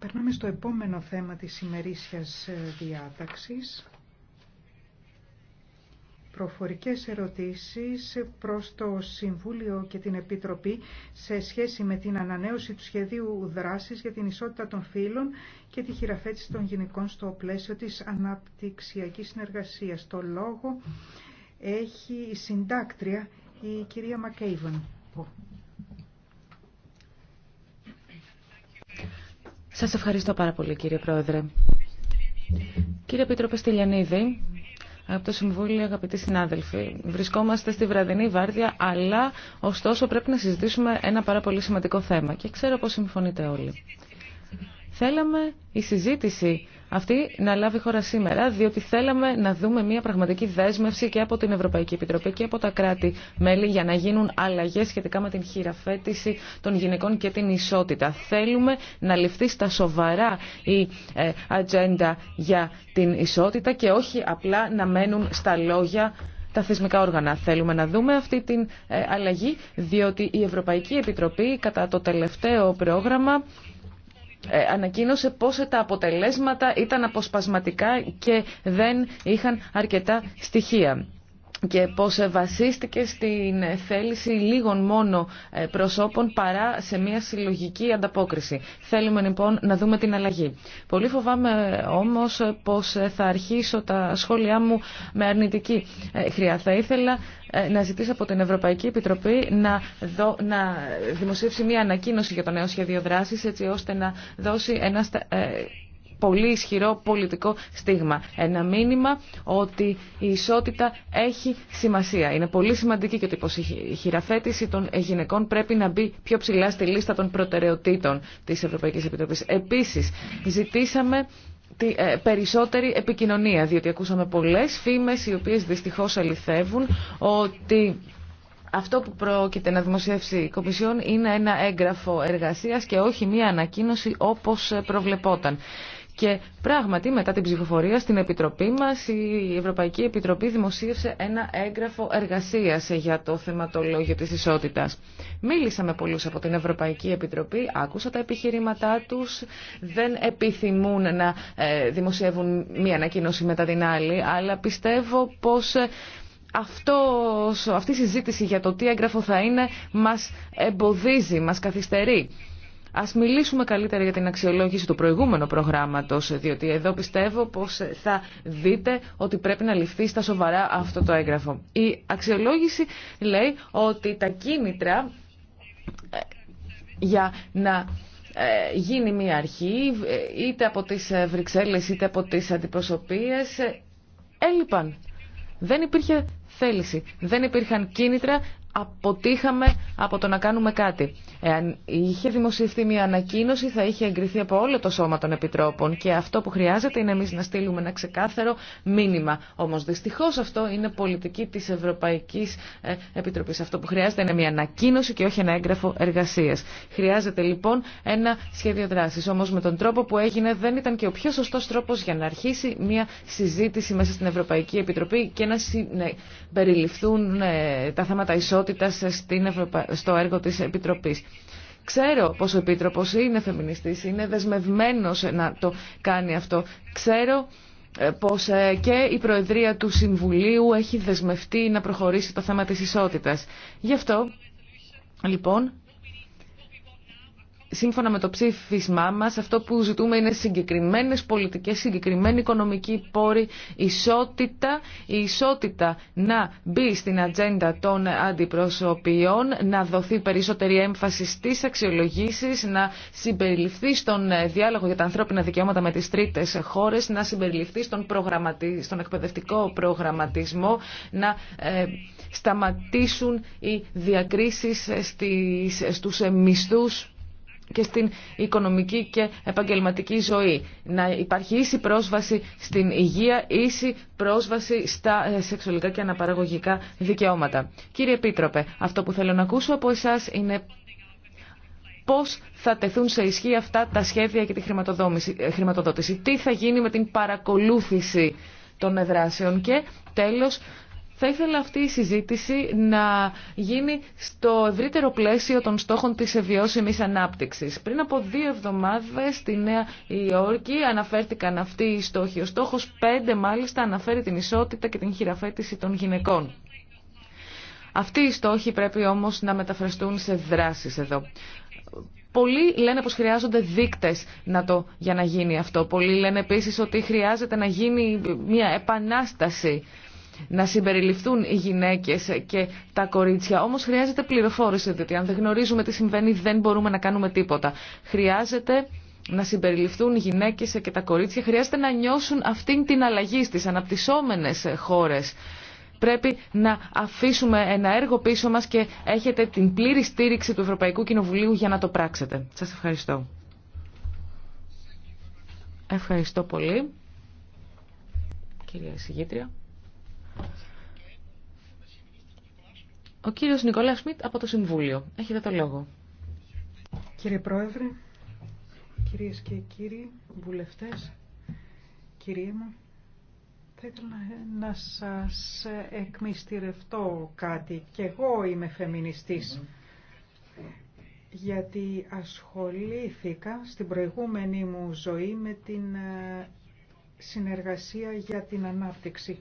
Περνάμε στο επόμενο θέμα της ημερήσιας ε, διάταξης. Προφορικές ερωτήσεις προς το Συμβούλιο και την Επιτροπή σε σχέση με την ανανέωση του σχεδίου δράσης για την ισότητα των φύλων και τη χειραφέτηση των γυναικών στο πλαίσιο της αναπτυξιακής συνεργασίας. Το λόγο έχει η συντάκτρια η κυρία Μακέιβον. Σας ευχαριστώ πάρα πολύ κύριε Πρόεδρε. Κύριε Πίτροπε Στυλιανίδη, από το Συμβούλιο, αγαπητοί συνάδελφοι. Βρισκόμαστε στη βραδινή βάρδια, αλλά ωστόσο πρέπει να συζητήσουμε ένα πάρα πολύ σημαντικό θέμα και ξέρω πως συμφωνείτε όλοι. Θέλαμε η συζήτηση αυτή να λάβει χώρα σήμερα, διότι θέλαμε να δούμε μια πραγματική δέσμευση και από την Ευρωπαϊκή Επιτροπή και από τα κράτη-μέλη για να γίνουν αλλαγές σχετικά με την χειραφέτηση των γυναικών και την ισότητα. Θέλουμε να ληφθεί στα σοβαρά η ε, ατζέντα για την ισότητα και όχι απλά να μένουν στα λόγια τα θεσμικά όργανα. Θέλουμε να δούμε αυτή την ε, αλλαγή, διότι η Ευρωπαϊκή Επιτροπή κατά το τελευταίο πρόγραμμα ε, ανακοίνωσε πως τα αποτελέσματα ήταν αποσπασματικά και δεν είχαν αρκετά στοιχεία και πως βασίστηκε στην θέληση λίγων μόνο ε, προσώπων παρά σε μια συλλογική ανταπόκριση. Θέλουμε λοιπόν να δούμε την αλλαγή. Πολύ φοβάμαι όμως πως θα αρχίσω τα σχόλιά μου με αρνητική ε, χρειά. Θα ήθελα ε, να ζητήσω από την Ευρωπαϊκή Επιτροπή να, να δημοσίευσει μια ανακοίνωση για το νέο σχέδιο δράσης έτσι ώστε να δώσει ένα πολύ ισχυρό πολιτικό στίγμα. Ένα μήνυμα ότι η ισότητα έχει σημασία. Είναι πολύ σημαντική και ότι η χειραφέτηση των γυναικών πρέπει να μπει πιο ψηλά στη λίστα των προτεραιοτήτων της Ευρωπαϊκής Επιτροπής. Επίσης, ζητήσαμε ε, περισσότερη επικοινωνία, διότι ακούσαμε πολλές φήμες οι οποίες δυστυχώς αληθεύουν ότι αυτό που πρόκειται να δημοσιεύσει η Κομισιόν είναι ένα έγγραφο εργασίας και όχι μία ανακοίνωση όπως προβλεπόταν. Και πράγματι μετά την ψηφοφορία στην Επιτροπή μας η Ευρωπαϊκή Επιτροπή δημοσίευσε ένα έγγραφο εργασίας για το θεματολόγιο της ισότητας. Μίλησα με πολλούς από την Ευρωπαϊκή Επιτροπή, άκουσα τα επιχειρήματά τους, δεν επιθυμούν να ε, δημοσιεύουν μία ανακοίνωση μετά την άλλη, αλλά πιστεύω πως ε, αυτή η συζήτηση για το τι έγγραφο θα είναι μας εμποδίζει, μας καθυστερεί. Ας μιλήσουμε καλύτερα για την αξιολόγηση του προηγούμενου προγράμματος, διότι εδώ πιστεύω πως θα δείτε ότι πρέπει να ληφθεί στα σοβαρά αυτό το έγγραφο. Η αξιολόγηση λέει ότι τα κίνητρα ε, για να ε, γίνει μια αρχή, ε, είτε από τις Βρυξέλλες είτε από τις αντιπροσωπείες, έλειπαν. Δεν υπήρχε θέληση. Δεν υπήρχαν κίνητρα αποτύχαμε από το να κάνουμε κάτι. Εάν είχε δημοσιευθεί μια ανακοίνωση θα είχε εγκριθεί από όλο το σώμα των επιτρόπων και αυτό που χρειάζεται είναι εμείς να στείλουμε ένα ξεκάθαρο μήνυμα. Όμως δυστυχώς αυτό είναι πολιτική της Ευρωπαϊκής ε, Επιτροπής. Αυτό που χρειάζεται είναι μια ανακοίνωση και όχι ένα έγγραφο εργασίας. Χρειάζεται λοιπόν ένα σχέδιο δράσης. Όμως με τον τρόπο που έγινε δεν ήταν και ο πιο σωστός τρόπο για να αρχίσει μια συζήτηση μέσα στην Ευρωπαϊκή Επιτροπή και να περιληφθούν ε, τα θέματα Ευρωπα... στο έργο της Επιτροπής. Ξέρω πως ο Επίτροπος είναι φεμινιστής, είναι δεσμευμένος να το κάνει αυτό. Ξέρω ε, πως ε, και η Προεδρία του Συμβουλίου έχει δεσμευτεί να προχωρήσει το θέμα της ισότητας. Γι' αυτό, λοιπόν, σύμφωνα με το ψήφισμά μας, αυτό που ζητούμε είναι συγκεκριμένε πολιτικές, συγκεκριμένη οικονομική πόρη, ισότητα, η ισότητα να μπει στην ατζέντα των αντιπροσωπιών, να δοθεί περισσότερη έμφαση στις αξιολογήσει, να συμπεριληφθεί στον διάλογο για τα ανθρώπινα δικαιώματα με τις τρίτες χώρε, να συμπεριληφθεί στον, στον εκπαιδευτικό προγραμματισμό, να ε, σταματήσουν οι διακρίσει στους μισθούς και στην οικονομική και επαγγελματική ζωή. Να υπάρχει ίση πρόσβαση στην υγεία, ίση πρόσβαση στα ε, σεξουαλικά και αναπαραγωγικά δικαιώματα. Κύριε Επίτροπε, αυτό που θέλω να ακούσω από εσάς είναι πώς θα τεθούν σε ισχύ αυτά τα σχέδια και τη ε, χρηματοδότηση. Τι θα γίνει με την παρακολούθηση των εδράσεων και τέλος θα ήθελα αυτή η συζήτηση να γίνει στο ευρύτερο πλαίσιο των στόχων της βιώσιμης ανάπτυξης. Πριν από δύο εβδομάδες στη Νέα Υόρκη αναφέρθηκαν αυτοί οι στόχοι. Ο στόχος 5 μάλιστα αναφέρει την ισότητα και την χειραφέτηση των γυναικών. Αυτοί οι στόχοι πρέπει όμως να μεταφραστούν σε δράσεις εδώ. Πολλοί λένε πως χρειάζονται δείκτες να το, για να γίνει αυτό. Πολλοί λένε επίσης ότι χρειάζεται να γίνει μια επανάσταση να συμπεριληφθούν οι γυναίκες και τα κορίτσια. Όμως χρειάζεται πληροφόρηση, διότι αν δεν γνωρίζουμε τι συμβαίνει δεν μπορούμε να κάνουμε τίποτα. Χρειάζεται να συμπεριληφθούν οι γυναίκες και τα κορίτσια, χρειάζεται να νιώσουν αυτήν την αλλαγή στις αναπτυσσόμενες χώρες. Πρέπει να αφήσουμε ένα έργο πίσω μας και έχετε την πλήρη στήριξη του Ευρωπαϊκού Κοινοβουλίου για να το πράξετε. Σας ευχαριστώ. Ευχαριστώ πολύ. Κυρία Συγήτρια. Ο κύριος Νικολάς Σμιτ από το Συμβούλιο. Έχετε το λόγο. Κύριε Πρόεδρε, κυρίες και κύριοι βουλευτές, κυρία μου, θα ήθελα να σας εκμυστηρευτώ κάτι. Κι εγώ είμαι φεμινιστής, γιατί ασχολήθηκα στην προηγούμενη μου ζωή με την ε, συνεργασία για την ανάπτυξη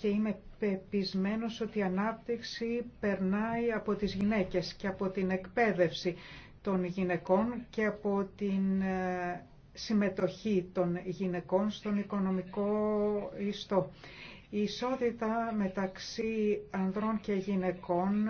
και είμαι πεπισμένος ότι η ανάπτυξη περνάει από τις γυναίκες και από την εκπαίδευση των γυναικών και από την ε, συμμετοχή των γυναικών στον οικονομικό ιστό. Η ισότητα μεταξύ ανδρών και γυναικών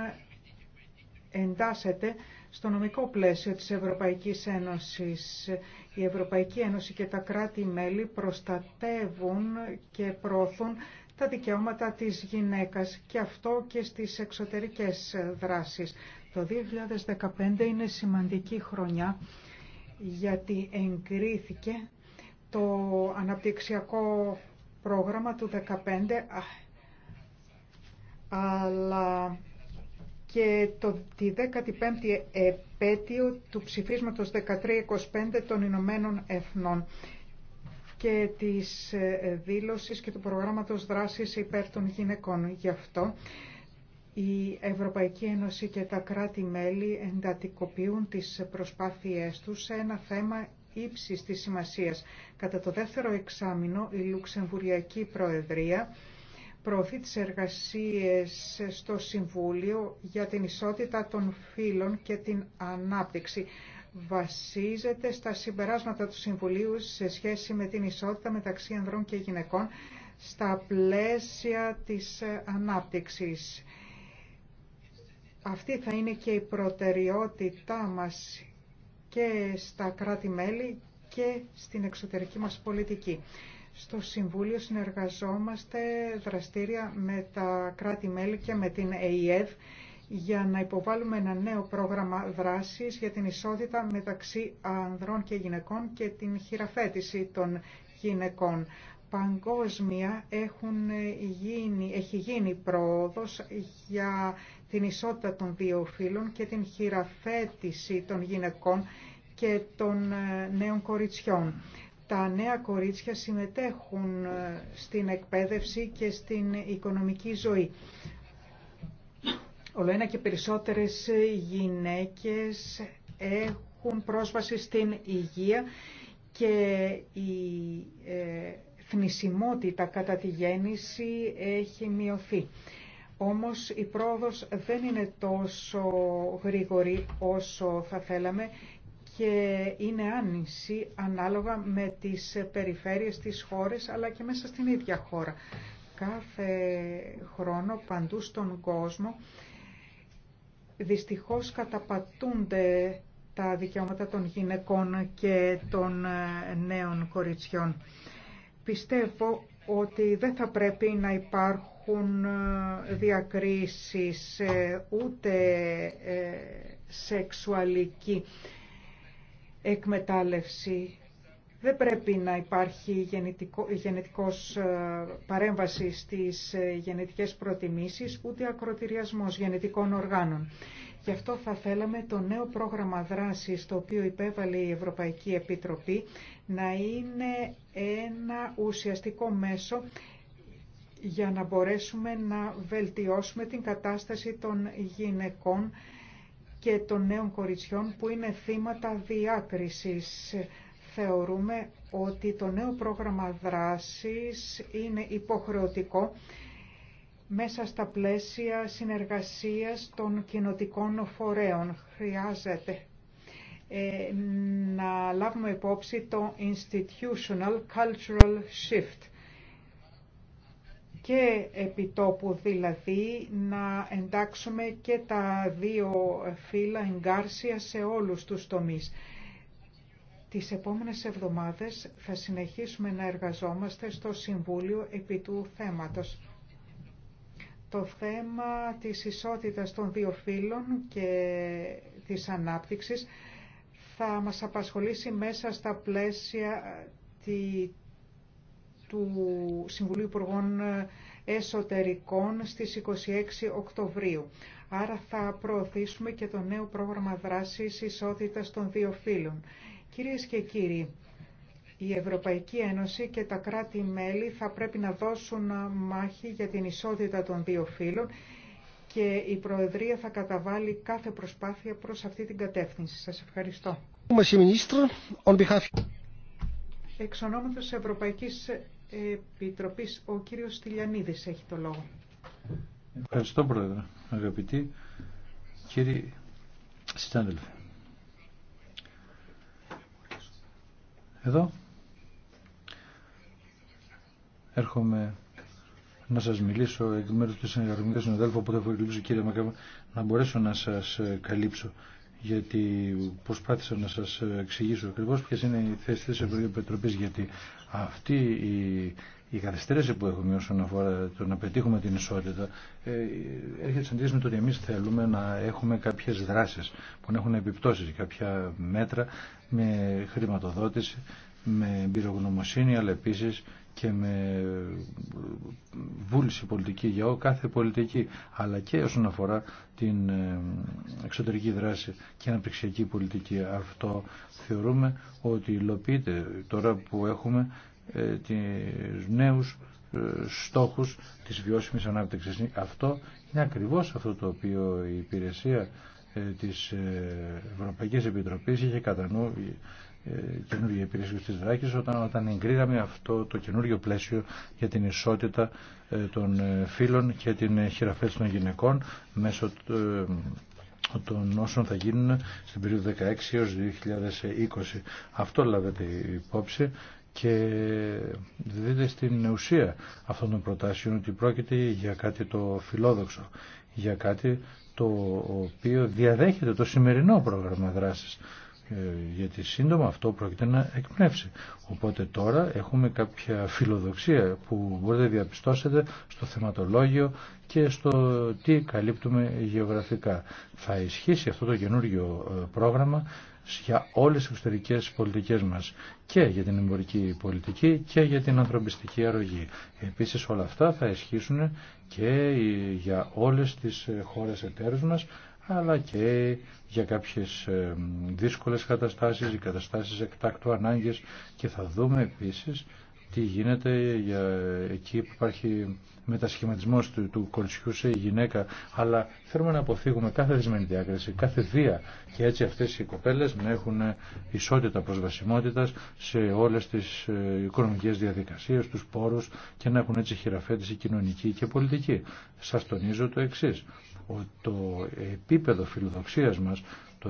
εντάσσεται στο νομικό πλαίσιο της Ευρωπαϊκής Ένωσης. Η Ευρωπαϊκή Ένωση και τα κράτη-μέλη προστατεύουν και προωθούν τα δικαιώματα της γυναίκας και αυτό και στις εξωτερικές δράσεις. Το 2015 είναι σημαντική χρονιά γιατί εγκρίθηκε το αναπτυξιακό πρόγραμμα του 2015 αλλά και το, τη 15η επέτειο του ψηφίσματος 1325 των Ηνωμένων Εθνών και της ε, δήλωσης και του προγράμματος δράσης υπέρ των γυναικών. Γι' αυτό η Ευρωπαϊκή Ένωση και τα κράτη-μέλη εντατικοποιούν τις προσπάθειές τους σε ένα θέμα ύψης της σημασίας. Κατά το δεύτερο εξάμεινο η Λουξεμβουριακή Προεδρία προωθεί τις εργασίες στο Συμβούλιο για την ισότητα των φύλων και την ανάπτυξη βασίζεται στα συμπεράσματα του Συμβουλίου σε σχέση με την ισότητα μεταξύ ανδρών και γυναικών στα πλαίσια της ε, ανάπτυξης. Αυτή θα είναι και η προτεραιότητά μας και στα κράτη-μέλη και στην εξωτερική μας πολιτική. Στο Συμβούλιο συνεργαζόμαστε δραστήρια με τα κράτη-μέλη και με την ΕΙΕΔ για να υποβάλουμε ένα νέο πρόγραμμα δράσης για την ισότητα μεταξύ ανδρών και γυναικών και την χειραφέτηση των γυναικών. Παγκόσμια έχουν γίνει, έχει γίνει πρόοδος για την ισότητα των δύο φύλων και την χειραφέτηση των γυναικών και των ε, νέων κοριτσιών. Τα νέα κορίτσια συμμετέχουν ε, στην εκπαίδευση και στην οικονομική ζωή. Όλο ένα και περισσότερες ε, γυναίκες έχουν πρόσβαση στην υγεία και η ε, θνησιμότητα κατά τη γέννηση έχει μειωθεί. Όμως η πρόοδος δεν είναι τόσο γρήγορη όσο θα θέλαμε και είναι άνηση ανάλογα με τις περιφέρειες της χώρες αλλά και μέσα στην ίδια χώρα. Κάθε χρόνο παντού στον κόσμο δυστυχώς καταπατούνται τα δικαιώματα των γυναικών και των ε, νέων κοριτσιών. Πιστεύω ότι δεν θα πρέπει να υπάρχουν ε, διακρίσεις ε, ούτε σεξουαλική εκμετάλλευση δεν πρέπει να υπάρχει γενετικό, γενετικός ε, παρέμβαση στις ε, γενετικές προτιμήσεις, ούτε ακροτηριασμός γενετικών οργάνων. Γι' αυτό θα θέλαμε το νέο πρόγραμμα δράσης, το οποίο υπέβαλε η Ευρωπαϊκή Επιτροπή, να είναι ένα ουσιαστικό μέσο για να μπορέσουμε να βελτιώσουμε την κατάσταση των γυναικών και των νέων κοριτσιών που είναι θύματα διάκρισης θεωρούμε ότι το νέο πρόγραμμα δράσης είναι υποχρεωτικό μέσα στα πλαίσια συνεργασίας των κοινοτικών φορέων. Χρειάζεται ε, να λάβουμε υπόψη το institutional cultural shift και επιτόπου δηλαδή να εντάξουμε και τα δύο φύλλα εγκάρσια σε όλους τους τομείς. Τις επόμενες εβδομάδες θα συνεχίσουμε να εργαζόμαστε στο Συμβούλιο επί θέματος. Το θέμα της ισότητας των δύο φύλων και της ανάπτυξης θα μας απασχολήσει μέσα στα πλαίσια του Συμβουλίου Υπουργών Εσωτερικών στις 26 Οκτωβρίου. Άρα θα προωθήσουμε και το νέο πρόγραμμα δράσης ισότητας των δύο φύλων. Κυρίες και κύριοι, η Ευρωπαϊκή Ένωση και τα κράτη-μέλη θα πρέπει να δώσουν μάχη για την ισότητα των δύο φύλων και η Προεδρία θα καταβάλει κάθε προσπάθεια προς αυτή την κατεύθυνση. Σας ευχαριστώ. Εξ ονόματος Ευρωπαϊκής Επιτροπής, ο κύριος Στυλιανίδης έχει το λόγο. Ευχαριστώ, Πρόεδρε. Αγαπητοί κύριοι συνάδελφοι. Εδώ έρχομαι να σας μιλήσω εκ μέρους του συνεργατικού συνοδέλφου, θα ελπίζω κύριε Μακάβα να μπορέσω να σας ε, καλύψω γιατί προσπάθησα να σας ε, εξηγήσω ακριβώς ποιες είναι οι θέσεις της Ευρωπαϊκής Επιτροπής γιατί αυτή η η καθυστέρηση που έχουμε όσον αφορά το να πετύχουμε την ισότητα ε, έρχεται σε με το ότι εμείς θέλουμε να έχουμε κάποιες δράσεις που να έχουν επιπτώσεις, κάποια μέτρα με χρηματοδότηση, με εμπειρογνωμοσύνη αλλά επίσης και με βούληση πολιτική για κάθε πολιτική αλλά και όσον αφορά την ε, εξωτερική δράση και αναπτυξιακή πολιτική αυτό θεωρούμε ότι υλοποιείται τώρα που έχουμε ε, τις νέους ε, στόχους της βιώσιμης ανάπτυξης. Αυτό είναι ακριβώς αυτό το οποίο η υπηρεσία ε, της Ευρωπαϊκής Επιτροπής είχε κατά νου καινούργια υπηρεσία της Δράκης όταν, όταν εγκρίναμε αυτό το καινούργιο πλαίσιο για την ισότητα των φύλων και την χειραφέτηση των γυναικών μέσω των όσων θα γίνουν στην περίοδο 16 έως 2020. Αυτό λάβετε υπόψη και δείτε στην ουσία αυτών των προτάσεων ότι πρόκειται για κάτι το φιλόδοξο, για κάτι το οποίο διαδέχεται το σημερινό πρόγραμμα δράσης ε, γιατί σύντομα αυτό πρόκειται να εκπνεύσει. Οπότε τώρα έχουμε κάποια φιλοδοξία που μπορείτε να διαπιστώσετε στο θεματολόγιο και στο τι καλύπτουμε γεωγραφικά. Θα ισχύσει αυτό το καινούργιο ε, πρόγραμμα για όλες τις εξωτερικές πολιτικές μας και για την εμπορική πολιτική και για την ανθρωπιστική αρρωγή. Επίσης όλα αυτά θα ισχύσουν και για όλες τις ε, χώρες εταίρους μας αλλά και για κάποιες ε, δύσκολες καταστάσεις, ή καταστάσεις εκτάκτου ανάγκες και θα δούμε επίσης τι γίνεται για εκεί που υπάρχει μετασχηματισμός του, του σε γυναίκα, αλλά θέλουμε να αποφύγουμε κάθε δυσμένη διάκριση, κάθε βία και έτσι αυτές οι κοπέλες να έχουν ισότητα προσβασιμότητας σε όλες τις ε, οικονομικές διαδικασίες, τους πόρους και να έχουν έτσι χειραφέτηση κοινωνική και πολιτική. Σας τονίζω το εξή. το επίπεδο φιλοδοξίας μας, το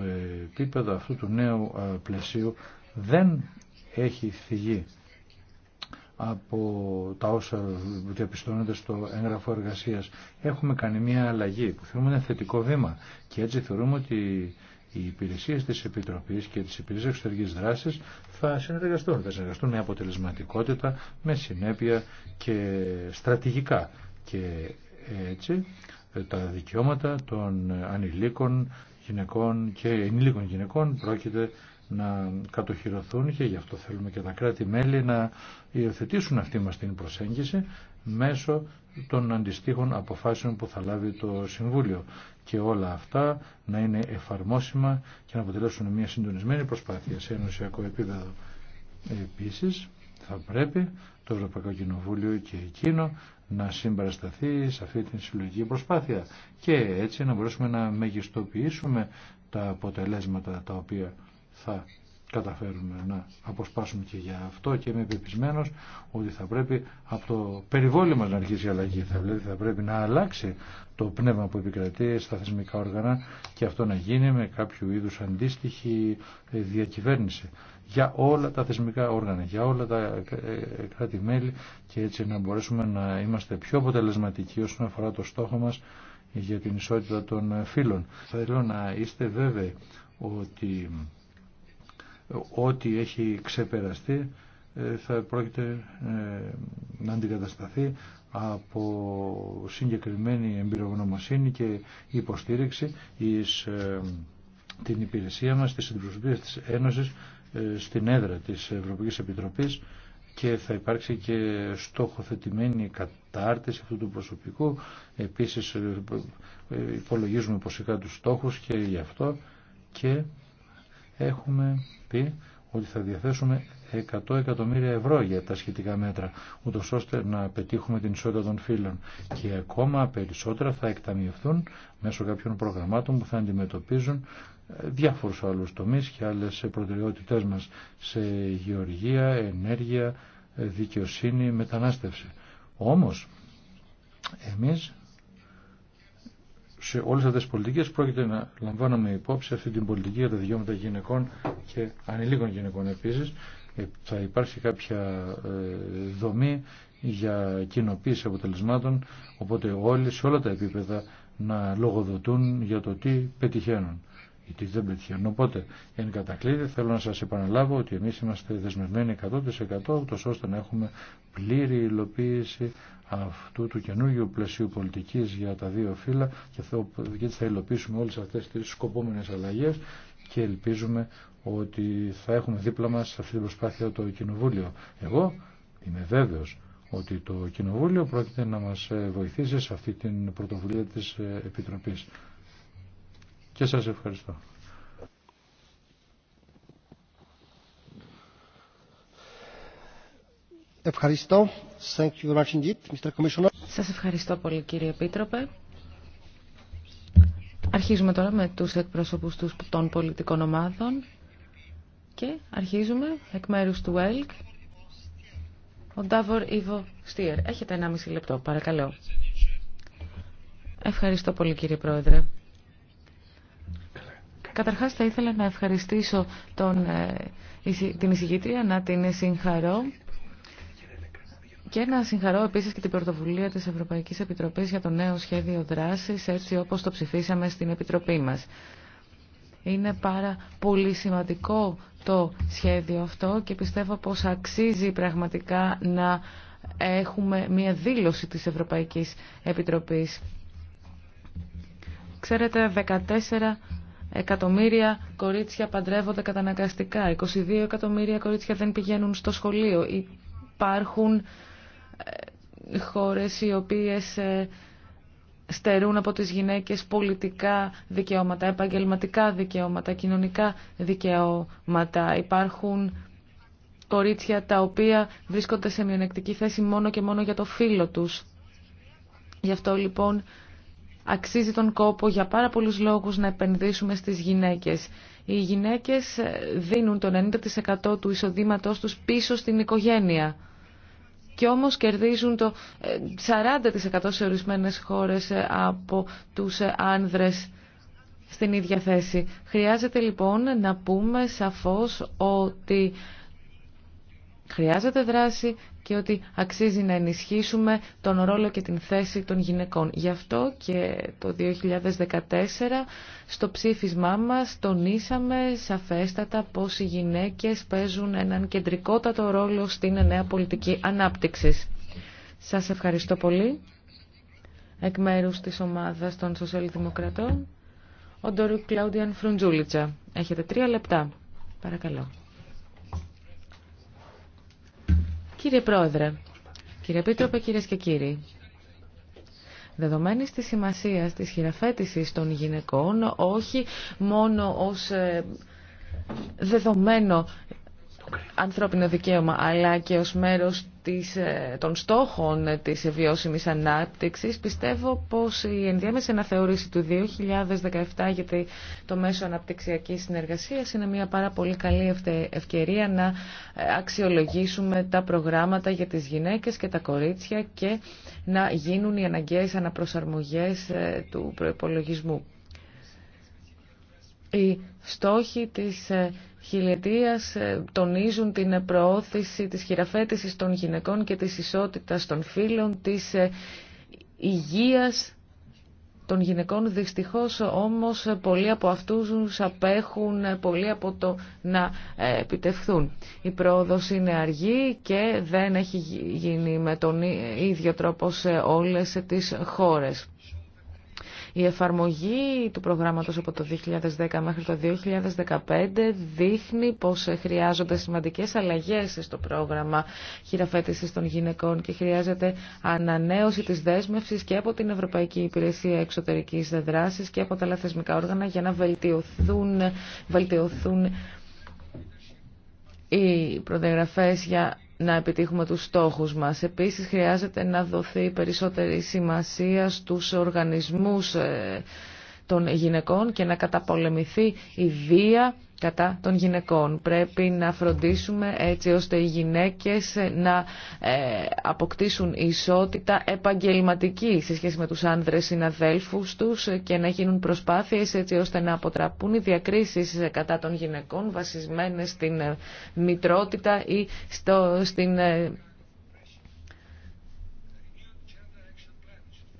επίπεδο αυτού του νέου ε, πλαισίου δεν έχει θυγεί από τα όσα διαπιστώνονται στο έγγραφο εργασίας. Έχουμε κάνει μια αλλαγή που θεωρούμε ένα θετικό βήμα και έτσι θεωρούμε ότι οι υπηρεσίε τη Επιτροπή και τη Υπηρεσία Εξωτερική Δράση θα συνεργαστούν. Θα συνεργαστούν με αποτελεσματικότητα, με συνέπεια και στρατηγικά. Και έτσι ε, τα δικαιώματα των ανηλίκων γυναικών και ενηλίκων γυναικών πρόκειται να κατοχυρωθούν και γι' αυτό θέλουμε και τα κράτη-μέλη να υιοθετήσουν αυτή μας την προσέγγιση μέσω των αντιστοίχων αποφάσεων που θα λάβει το Συμβούλιο και όλα αυτά να είναι εφαρμόσιμα και να αποτελέσουν μια συντονισμένη προσπάθεια σε ενωσιακό επίπεδο. Επίσης θα πρέπει το Ευρωπαϊκό Κοινοβούλιο και εκείνο να συμπαρασταθεί σε αυτή την συλλογική προσπάθεια και έτσι να μπορέσουμε να μεγιστοποιήσουμε τα αποτελέσματα τα οποία θα καταφέρουμε να αποσπάσουμε και για αυτό και είμαι πεπισμένο ότι θα πρέπει από το περιβόλι μας να αρχίσει η αλλαγή. Θα, δηλαδή θα πρέπει να αλλάξει το πνεύμα που επικρατεί στα θεσμικά όργανα και αυτό να γίνει με κάποιο είδους αντίστοιχη ε, διακυβέρνηση για όλα τα θεσμικά όργανα, για όλα τα ε, ε, κράτη-μέλη και έτσι να μπορέσουμε να είμαστε πιο αποτελεσματικοί όσον αφορά το στόχο μας για την ισότητα των φίλων. Θα θέλω να είστε βέβαιοι ότι ό,τι έχει ξεπεραστεί ε, θα πρόκειται ε, να αντικατασταθεί από συγκεκριμένη εμπειρογνωμοσύνη και υποστήριξη εις ε, την υπηρεσία μας, της αντιπροσωπείες της Ένωσης στην έδρα της Ευρωπαϊκής Επιτροπής και θα υπάρξει και στόχοθετημένη κατάρτιση αυτού του προσωπικού. Επίσης υπολογίζουμε ποσικά τους στόχους και γι' αυτό και έχουμε πει ότι θα διαθέσουμε 100 εκατομμύρια ευρώ για τα σχετικά μέτρα, ούτως ώστε να πετύχουμε την ισότητα των φύλων. Και ακόμα περισσότερα θα εκταμιευθούν μέσω κάποιων προγραμμάτων που θα αντιμετωπίζουν ε, διάφορους άλλους τομείς και άλλες προτεραιότητές μας σε γεωργία, ενέργεια, ε, δικαιοσύνη, μετανάστευση. Όμως, εμείς σε όλες αυτές τις πολιτικές πρόκειται να λαμβάνουμε υπόψη αυτή την πολιτική για τα δικαιώματα γυναικών και ανηλίκων γυναικών επίσης. Ε, θα υπάρξει κάποια ε, δομή για κοινοποίηση αποτελεσμάτων, οπότε όλοι σε όλα τα επίπεδα να λογοδοτούν για το τι πετυχαίνουν γιατί δεν πετυχαίνουν. Οπότε, εν κατακλείδη, θέλω να σας επαναλάβω ότι εμείς είμαστε δεσμευμένοι 100% ώστε να έχουμε πλήρη υλοποίηση αυτού του καινούργιου πλαισίου πολιτικής για τα δύο φύλλα και θα υλοποιήσουμε όλες αυτές τις σκοπόμενες αλλαγές και ελπίζουμε ότι θα έχουμε δίπλα μας σε αυτή την προσπάθεια το Κοινοβούλιο. Εγώ είμαι βέβαιος ότι το Κοινοβούλιο πρόκειται να μας βοηθήσει σε αυτή την πρωτοβουλία της Επιτροπής. Και σας ευχαριστώ. Ευχαριστώ. Thank you very much indeed, Mr. Commissioner. Σας ευχαριστώ πολύ κύριε Επίτροπε. Αρχίζουμε τώρα με τους εκπρόσωπους των πολιτικών ομάδων και αρχίζουμε εκ μέρου του ΕΛΚ ο Ντάβορ Ιβο Στίερ. Έχετε μισή λεπτό, παρακαλώ. Ευχαριστώ πολύ κύριε Πρόεδρε. Καταρχάς θα ήθελα να ευχαριστήσω τον, ε, την εισηγήτρια, να την συγχαρώ και να συγχαρώ επίσης και την πρωτοβουλία της Ευρωπαϊκής Επιτροπής για το νέο σχέδιο δράσης, έτσι όπως το ψηφίσαμε στην Επιτροπή μας. Είναι πάρα πολύ σημαντικό το σχέδιο αυτό και πιστεύω πως αξίζει πραγματικά να έχουμε μια δήλωση της Ευρωπαϊκής Επιτροπής. Ξέρετε, 14 εκατομμύρια κορίτσια παντρεύονται καταναγκαστικά, 22 εκατομμύρια κορίτσια δεν πηγαίνουν στο σχολείο. Υπάρχουν ε, χώρες οι οποίες ε, στερούν από τις γυναίκες πολιτικά δικαιώματα, επαγγελματικά δικαιώματα, κοινωνικά δικαιώματα. Υπάρχουν κορίτσια τα οποία βρίσκονται σε μειονεκτική θέση μόνο και μόνο για το φίλο τους. Γι' αυτό λοιπόν αξίζει τον κόπο για πάρα πολλούς λόγους να επενδύσουμε στις γυναίκες. Οι γυναίκες δίνουν το 90% του εισοδήματός τους πίσω στην οικογένεια και όμως κερδίζουν το 40% ε, σε ορισμένες χώρες ε, από τους ε, άνδρες στην ίδια θέση. Χρειάζεται λοιπόν να πούμε σαφώς ότι χρειάζεται δράση και ότι αξίζει να ενισχύσουμε τον ρόλο και την θέση των γυναικών. Γι' αυτό και το 2014 στο ψήφισμά μας τονίσαμε σαφέστατα πως οι γυναίκες παίζουν έναν κεντρικότατο ρόλο στην νέα πολιτική ανάπτυξης. Σας ευχαριστώ πολύ. Εκ μέρους της ομάδας των Σοσιαλδημοκρατών, ο Ντόρου Κλάουδιαν Φρουντζούλιτσα. Έχετε τρία λεπτά. Παρακαλώ. Κύριε Πρόεδρε, κύριε Επίτροπε, κυρίες και κύριοι, δεδομένης της σημασίας της χειραφέτησης των γυναικών, όχι μόνο ως ε, δεδομένο ανθρώπινο δικαίωμα αλλά και ως μέρος της, ε, των στόχων της βιώσιμης ανάπτυξης πιστεύω πως η ενδιάμεση αναθεώρηση του 2017 για το μέσο αναπτυξιακής συνεργασία είναι μια πάρα πολύ καλή ευκαιρία να ε, αξιολογήσουμε τα προγράμματα για τις γυναίκες και τα κορίτσια και να γίνουν οι αναγκαίες αναπροσαρμογές ε, του προπολογισμού. Οι στόχοι της χιλιετίας ε, τονίζουν την προώθηση της χειραφέτησης των γυναικών και της ισότητας των φίλων της ε, υγείας των γυναικών. Δυστυχώς όμως πολλοί από αυτούς απέχουν ε, πολλοί από το να επιτευχθούν. Η πρόοδος είναι αργή και δεν έχει γίνει με τον ίδιο τρόπο σε όλες τις χώρες. Η εφαρμογή του προγράμματος από το 2010 μέχρι το 2015 δείχνει πως χρειάζονται σημαντικές αλλαγές στο πρόγραμμα χειραφέτησης των γυναικών και χρειάζεται ανανέωση της δέσμευσης και από την Ευρωπαϊκή Υπηρεσία Εξωτερικής Δράσης και από τα λαθεσμικά όργανα για να βελτιωθούν, βελτιωθούν οι προδιαγραφές για να επιτύχουμε τους στόχους μας. Επίσης χρειάζεται να δοθεί περισσότερη σημασία στους οργανισμούς ε, των γυναικών και να καταπολεμηθεί η βία κατά των γυναικών. Πρέπει να φροντίσουμε έτσι ώστε οι γυναίκες να ε, αποκτήσουν ισότητα επαγγελματική σε σχέση με τους άνδρες συναδέλφους τους και να γίνουν προσπάθειες έτσι ώστε να αποτραπούν οι διακρίσεις κατά των γυναικών βασισμένες στην ε, μητρότητα ή στο, στην ε,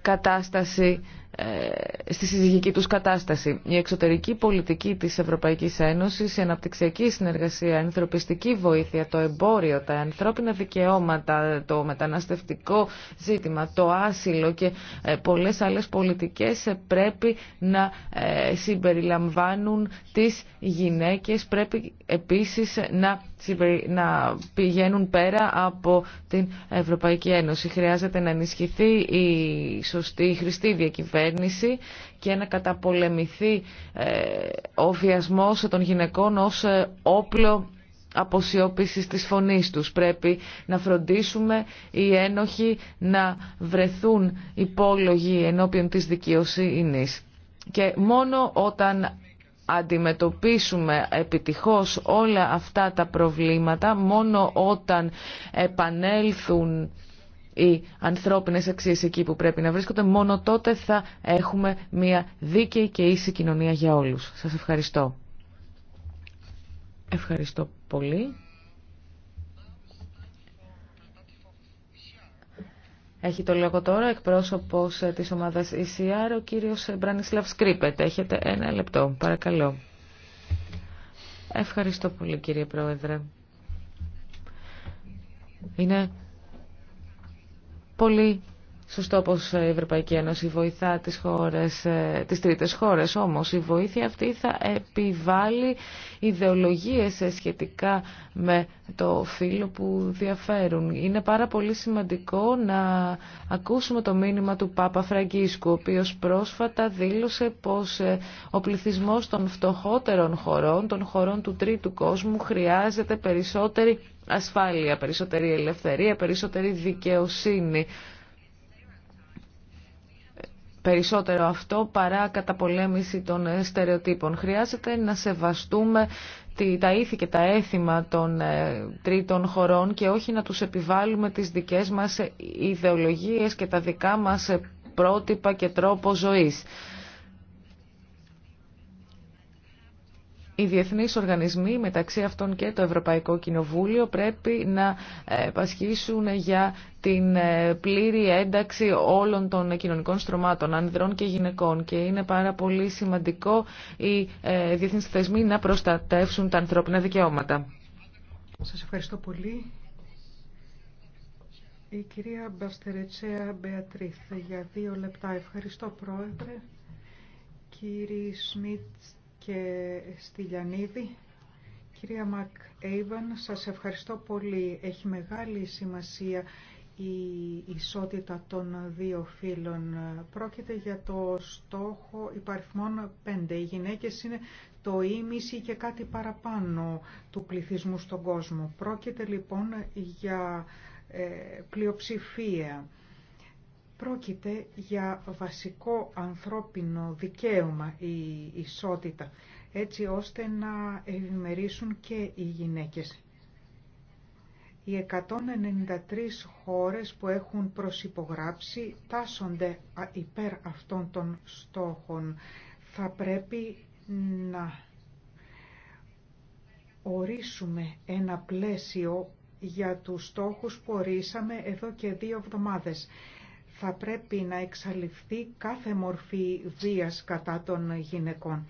κατάσταση ε, στη συζυγική τους κατάσταση. Η εξωτερική πολιτική της Ευρωπαϊκής Ένωσης, η αναπτυξιακή συνεργασία, η ανθρωπιστική βοήθεια, το εμπόριο, τα ανθρώπινα δικαιώματα, το μεταναστευτικό ζήτημα, το άσυλο και ε, πολλές άλλες πολιτικές ε, πρέπει να συμπεριλαμβάνουν τις γυναίκες. Πρέπει επίσης να να πηγαίνουν πέρα από την Ευρωπαϊκή Ένωση. Χρειάζεται να ενισχυθεί η σωστή, η χρηστή διακυβέρνηση και να καταπολεμηθεί ε, ο βιασμός των γυναικών ως ε, όπλο αποσιώπησης της φωνής τους. Πρέπει να φροντίσουμε οι ένοχοι να βρεθούν υπόλογοι ενώπιον της δικαιοσύνης. Και μόνο όταν αντιμετωπίσουμε επιτυχώς όλα αυτά τα προβλήματα μόνο όταν επανέλθουν οι ανθρώπινες αξίες εκεί που πρέπει να βρίσκονται, μόνο τότε θα έχουμε μια δίκαιη και ίση κοινωνία για όλους. Σας ευχαριστώ. Ευχαριστώ πολύ. Έχει το λόγο τώρα εκπρόσωπος ε, της ομάδας ECR, ο κύριος ε, Μπρανισλαβ Σκρίπετ. Έχετε ένα λεπτό, παρακαλώ. Ευχαριστώ πολύ κύριε Πρόεδρε. Είναι πολύ Σωστό τόπους η Ευρωπαϊκή Ένωση βοηθά τις, χώρες, ε, τις τρίτες χώρες. Όμως η βοήθεια αυτή θα επιβάλλει ιδεολογίες ε, σχετικά με το φύλλο που διαφέρουν. Είναι πάρα πολύ σημαντικό να ακούσουμε το μήνυμα του Πάπα Φραγκίσκου, ο οποίος πρόσφατα δήλωσε πως ε, ο πληθυσμός των φτωχότερων χωρών, των χωρών του τρίτου κόσμου, χρειάζεται περισσότερη ασφάλεια, περισσότερη ελευθερία, περισσότερη δικαιοσύνη περισσότερο αυτό παρά καταπολέμηση των στερεοτύπων. Χρειάζεται να σεβαστούμε τα ήθη και τα έθιμα των ε, τρίτων χωρών και όχι να τους επιβάλλουμε τις δικές μας ιδεολογίες και τα δικά μας πρότυπα και τρόπο ζωής. οι διεθνείς οργανισμοί, μεταξύ αυτών και το Ευρωπαϊκό Κοινοβούλιο, πρέπει να επασχίσουν για την ε, πλήρη ένταξη όλων των κοινωνικών στρωμάτων, ανδρών και γυναικών. Και είναι πάρα πολύ σημαντικό οι ε, διεθνείς θεσμοί να προστατεύσουν τα ανθρώπινα δικαιώματα. Σας ευχαριστώ πολύ. Η κυρία Μπαστερετσέα Μπεατρίθ για δύο λεπτά. Ευχαριστώ πρόεδρε. Κύριε Σμιτ, και στη Λιανίδη. Κυρία Μακ Έιβαν, σας ευχαριστώ πολύ. Έχει μεγάλη σημασία η ισότητα των δύο φίλων. Πρόκειται για το στόχο υπαριθμών 5. Οι γυναίκες είναι το ίμιση και κάτι παραπάνω του πληθυσμού στον κόσμο. Πρόκειται λοιπόν για ε, πλειοψηφία Πρόκειται για βασικό ανθρώπινο δικαίωμα η ισότητα, έτσι ώστε να ευημερίσουν και οι γυναίκες. Οι 193 χώρες που έχουν προσυπογράψει τάσσονται υπέρ αυτών των στόχων. Θα πρέπει να ορίσουμε ένα πλαίσιο για τους στόχους που ορίσαμε εδώ και δύο εβδομάδες θα πρέπει να εξαλειφθεί κάθε μορφή βίας κατά των γυναικών.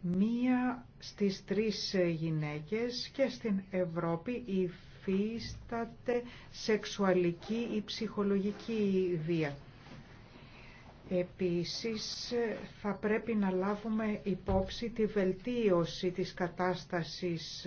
Μία στις τρεις γυναίκες και στην Ευρώπη υφίσταται σεξουαλική ή ψυχολογική βία. Επίσης, θα πρέπει να λάβουμε υπόψη τη βελτίωση της κατάστασης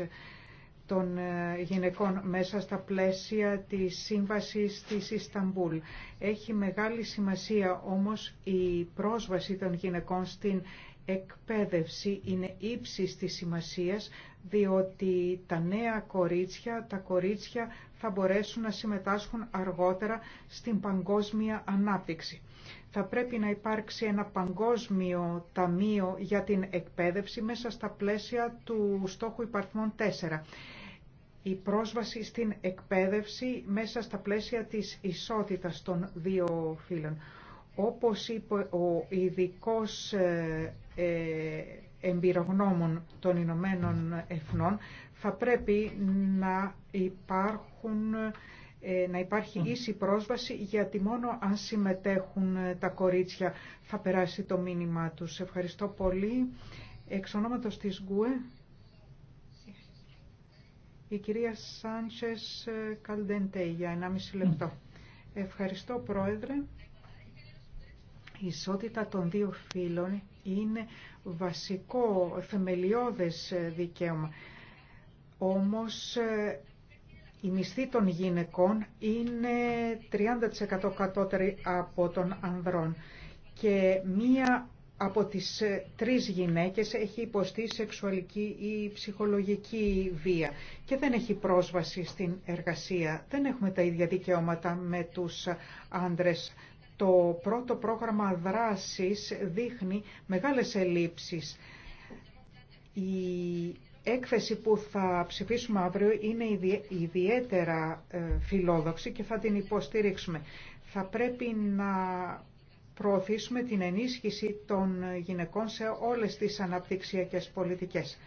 των ε, γυναικών μέσα στα πλαίσια της Σύμβασης της Ισταμπούλ. Έχει μεγάλη σημασία όμως η πρόσβαση των γυναικών στην εκπαίδευση είναι ύψης της σημασίας διότι τα νέα κορίτσια, τα κορίτσια θα μπορέσουν να συμμετάσχουν αργότερα στην παγκόσμια ανάπτυξη. Θα πρέπει να υπάρξει ένα παγκόσμιο ταμείο για την εκπαίδευση μέσα στα πλαίσια του στόχου υπαρθμών 4 η πρόσβαση στην εκπαίδευση μέσα στα πλαίσια της ισότητας των δύο φύλων. Όπως είπε ο ειδικό ε, ε, εμπειρογνώμων των Ηνωμένων Εθνών, θα πρέπει να, υπάρχουν, ε, να υπάρχει ίση πρόσβαση, γιατί μόνο αν συμμετέχουν τα κορίτσια θα περάσει το μήνυμά τους. Ευχαριστώ πολύ. Εξ ονόματος της ΓΚΟΕ, η κυρία Σάντσες Καλντεντέ για 1,5 λεπτό. Ευχαριστώ Πρόεδρε. Η ισότητα των δύο φύλων είναι βασικό, θεμελιώδες δικαίωμα. Όμως η μισθή των γυναικών είναι 30% κατώτερη από των ανδρών και μία από τις ε, τρεις γυναίκες έχει υποστεί σεξουαλική ή ψυχολογική βία και δεν έχει πρόσβαση στην εργασία. Δεν έχουμε τα ίδια δικαιώματα με τους άντρες. Το πρώτο πρόγραμμα δράσης δείχνει μεγάλες ελλείψεις. Η έκθεση που θα ψηφίσουμε αύριο είναι ιδιαίτερα ε, φιλόδοξη και θα την υποστηρίξουμε. Θα πρέπει να προωθήσουμε την ενίσχυση των γυναικών σε όλες τις αναπτυξιακές πολιτικές.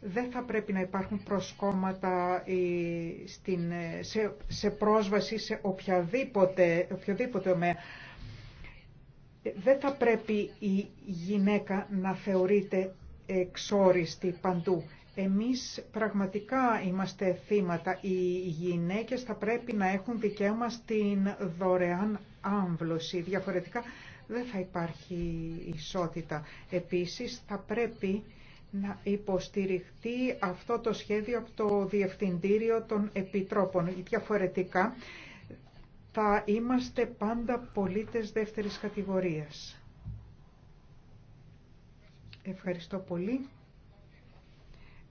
Δεν θα πρέπει να υπάρχουν προσκόμματα ε, ε, σε πρόσβαση σε οποιαδήποτε, οποιοδήποτε ομέα. Δεν θα πρέπει η γυναίκα να θεωρείται εξόριστη παντού. Εμείς πραγματικά είμαστε θύματα. Οι γυναίκες θα πρέπει να έχουν δικαίωμα στην δωρεάν άμβλωση. Διαφορετικά δεν θα υπάρχει ισότητα. Επίσης θα πρέπει να υποστηριχτεί αυτό το σχέδιο από το Διευθυντήριο των Επιτρόπων. Διαφορετικά θα είμαστε πάντα πολίτες δεύτερης κατηγορίας. Ευχαριστώ πολύ.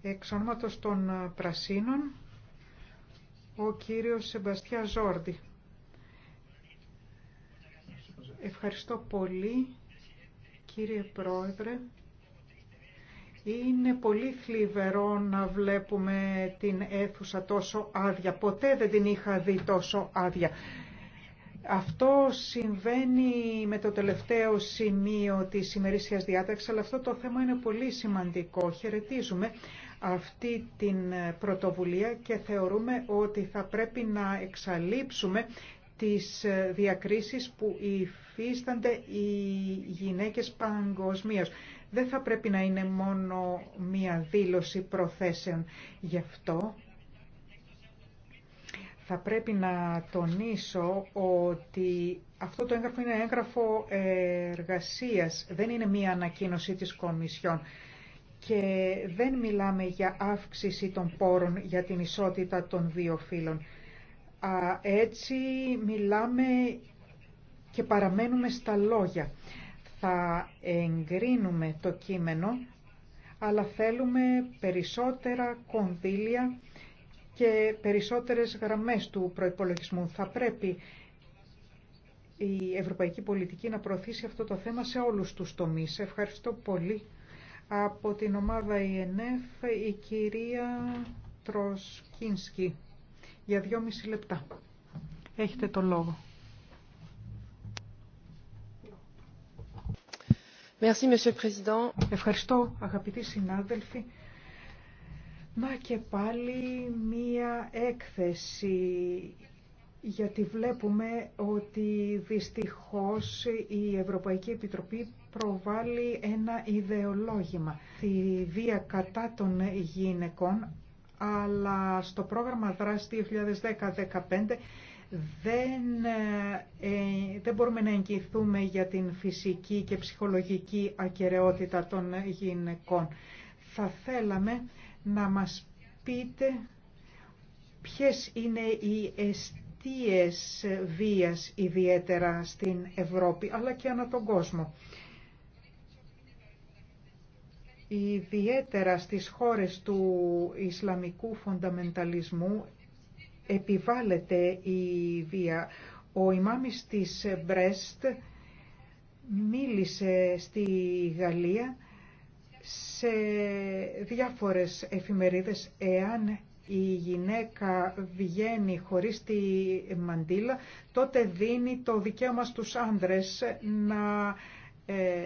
Εξ των Πρασίνων, ο κύριος Σεμπαστιά Ζόρντι. Ευχαριστώ πολύ, κύριε Πρόεδρε. Είναι πολύ θλιβερό να βλέπουμε την αίθουσα τόσο άδεια. Ποτέ δεν την είχα δει τόσο άδεια. Αυτό συμβαίνει με το τελευταίο σημείο της ημερήσιας διάταξης, αλλά αυτό το θέμα είναι πολύ σημαντικό. Χαιρετίζουμε αυτή την πρωτοβουλία και θεωρούμε ότι θα πρέπει να εξαλείψουμε τις ε, διακρίσεις που υφίστανται οι γυναίκες παγκοσμίω. Δεν θα πρέπει να είναι μόνο μία δήλωση προθέσεων. Γι' αυτό θα πρέπει να τονίσω ότι αυτό το έγγραφο είναι έγγραφο εργασίας, δεν είναι μία ανακοίνωση της Κομισιόν και δεν μιλάμε για αύξηση των πόρων για την ισότητα των δύο φύλων έτσι μιλάμε και παραμένουμε στα λόγια. Θα εγκρίνουμε το κείμενο, αλλά θέλουμε περισσότερα κονδύλια και περισσότερες γραμμές του προϋπολογισμού. Θα πρέπει η ευρωπαϊκή πολιτική να προωθήσει αυτό το θέμα σε όλους τους τομείς. Ευχαριστώ πολύ. Από την ομάδα ΙΕΝΕΦ η κυρία Τροσκίνσκι για δυόμιση λεπτά. Έχετε το λόγο. Ευχαριστώ αγαπητοί συνάδελφοι. Μα και πάλι μία έκθεση γιατί βλέπουμε ότι δυστυχώς η Ευρωπαϊκή Επιτροπή προβάλλει ένα ιδεολόγημα. Τη βία κατά των γυναικών αλλά στο πρόγραμμα δράση 2010-2015 δεν, ε, ε, δεν μπορούμε να εγγυηθούμε για την φυσική και ψυχολογική ακαιρεότητα των γυναικών. Θα θέλαμε να μας πείτε ποιες είναι οι αιστείες βίας ιδιαίτερα στην Ευρώπη αλλά και ανά τον κόσμο ιδιαίτερα στις χώρες του Ισλαμικού φονταμενταλισμού επιβάλλεται η βία. Ο ημάμις της Μπρέστ μίλησε στη Γαλλία σε διάφορες εφημερίδες εάν η γυναίκα βγαίνει χωρίς τη μαντίλα, τότε δίνει το δικαίωμα στους άνδρες να ε,